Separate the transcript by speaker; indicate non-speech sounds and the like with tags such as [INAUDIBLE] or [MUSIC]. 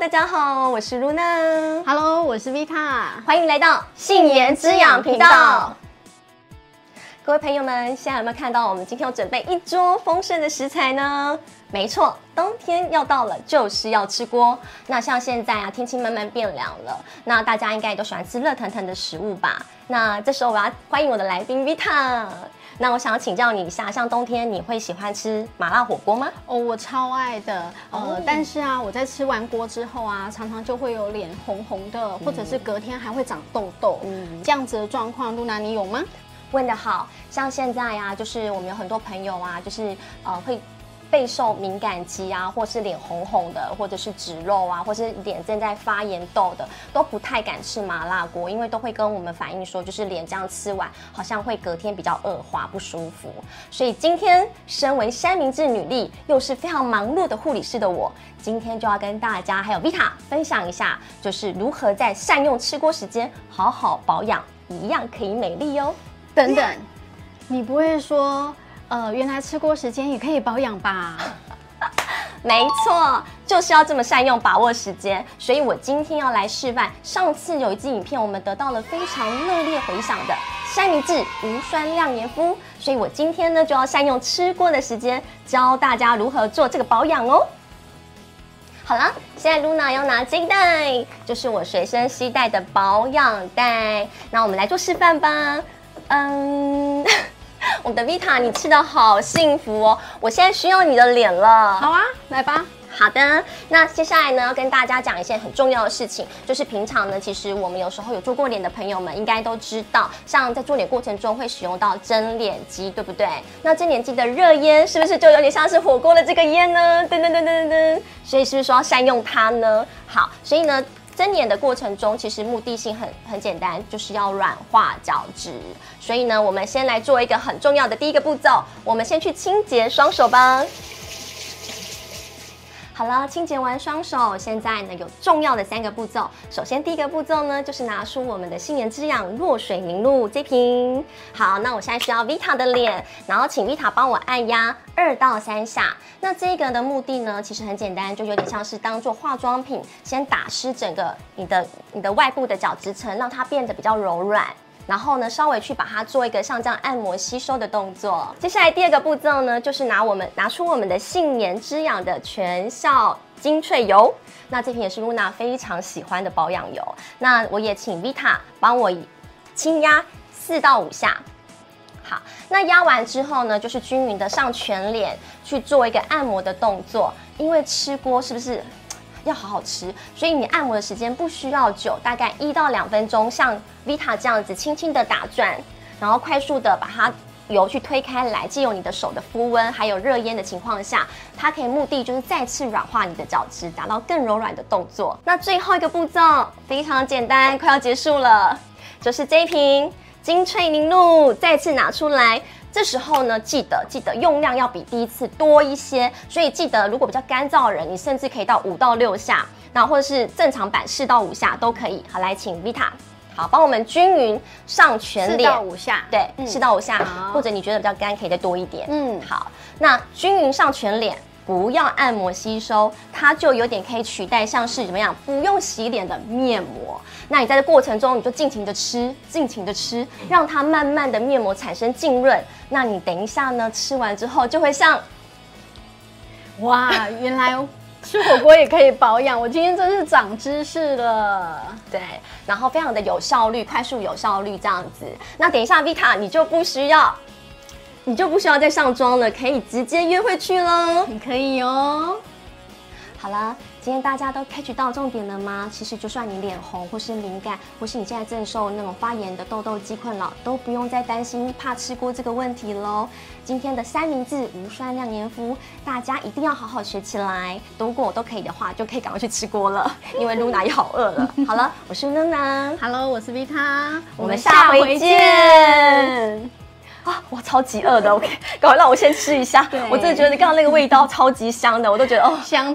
Speaker 1: 大家好，我是露娜，Hello，我是 Vita，歡迎來到杏顏滋養頻道。頻道各位朋友們，現在有沒有看到我們今天要準備一桌豐盛的食材呢？沒錯，冬天要到了，就是要吃鍋。那像現在啊，天氣慢慢變涼了，那大家應該也都喜歡吃熱騰騰的食物吧？那這時候我要歡迎我的來賓 Vita。那我想要請教你一下，像冬天你會喜歡吃麻辣火鍋嗎？哦，我超愛的。呃、哦嗯、但是啊，我在吃完鍋之後啊，常常就會有臉紅紅的，或者是隔天還會長痘痘，嗯、這樣子的狀況，露娜你有嗎？問得好。像現在啊，就是我們有很多朋友啊，就是呃會。備受敏感肌啊，或是臉紅紅的，或者是脂漏啊，或是臉正在發炎痘的，都不太敢吃麻辣鍋，因為都會跟我們反映說，就是臉這樣吃完，好像會隔天比較惡化不舒服。所以今天身為三明治女力，又是非常忙碌的護理師的我，今天就要跟大家還有 Vita 分享一下，就是如何在善用吃鍋時間，好好保養，一樣可以美麗喲、哦。等等你，你不會說？呃，原來吃鍋時間也可以保養吧？沒錯，就是要這麼善用把握時間。所以我今天要來示範。上次有一支影片，我們得到了非常熱烈回響的三明治無酸亮顏敷。所以我今天呢，就要善用吃鍋的時間，教大家如何做這個保養哦。好啦，現在 Luna 要拿這一袋，就是我隨身攜帶的保養袋。那我們來做示範吧。嗯。 [LAUGHS] 我們的 Vita，你吃得好幸福哦！我現在需要你的臉了。好啊，來吧。好的，那接下來呢，要跟大家講一件很重要的事情。就是平常呢，其實我們有時候有做過臉的朋友們應該都知道，像在做臉過程中會使用到蒸臉機，對不對？那蒸臉機的熱煙是不是就有點像是火鍋的這個煙呢？噔噔噔噔噔噔。所以是不是說要善用它呢？好，所以呢。蒸臉的過程中，其實目的性很很簡單，就是要軟化角質。所以呢，我們先來做一個很重要的第一個步驟，我們先去清潔雙手吧。好了，清潔完雙手，現在呢有重要的三個步驟。首先，第一個步驟呢就是拿出我們的杏顏滋養弱水凝露這瓶。好，那我現在需要 Vita 的臉，然後請 Vita 幫我按壓二到三下。那這個的目的呢，其實很簡單，就有點像是當做化妝品，先打濕整個你的你的外部的角質層，讓它變得比較柔軟。然後呢，稍微去把它做一個像這樣按摩吸收的動作。接下來第二個步驟呢，就是拿我們拿出我們的杏顏滋養的全效精粹油，那這瓶也是露娜非常喜歡的保養油。那我也請 Vita 幫我以輕壓四到五下，好，那壓完之後呢，就是均勻的上全臉去做一個按摩的動作，因為吃鍋是不是？要好好吃，所以你按摩的時間不需要久，大概一到兩分鐘，像 Vita 這樣子輕輕的打轉，然後快速的把它油去推開來，藉由你的手的膚溫還有熱煙的情況下，它可以目的就是再次軟化你的角質，達到更柔軟的動作。那最後一個步驟非常簡單，快要結束了，就是這一瓶精粹凝露再次拿出來。這時候呢，記得記得用量要比第一次多一些，所以記得如果比較乾燥的人，你甚至可以到五到六下，然後或者是正常版四到五下都可以。好來，來請 Vita，好，幫我們均勻上全臉。四到五下，對，四、嗯、到五下，好，或者你覺得比較乾，可以再多一點。嗯，好，那均勻上全臉。不要按摩吸收，它就有點可以取代，像是怎麼樣，不用洗臉的面膜。那你在這過程中，你就盡情的吃，盡情的吃，讓它慢慢的面膜產生浸潤。那你等一下呢，吃完之後就會像，哇，原來吃火鍋也可以保養， [LAUGHS] 我今天真是長知識了。對，然後非常的有效率，快速有效率這樣子。那等一下 Vita，你就不需要。你就不需要再上妝了，可以直接約會去嘍，你可以哦。好了，今天大家都 catch 到重點了嗎？其實就算你臉紅，或是敏感，或是你現在正受那種發炎的痘痘肌困擾，都不用再擔心怕吃鍋這個問題嘍。今天的三明治無酸亮顏敷，大家一定要好好學起來。如果我都可以的話，就可以趕快去吃鍋了，因為露娜也好餓了。 [LAUGHS] 好了，我是露娜，Hello，我是 Vita，我們下回見。 [LAUGHS] 啊，我超級餓的，OK，趕快，讓我先吃一下。對我真的覺得你剛剛那個味道超級香的， [LAUGHS] 我都覺得哦香。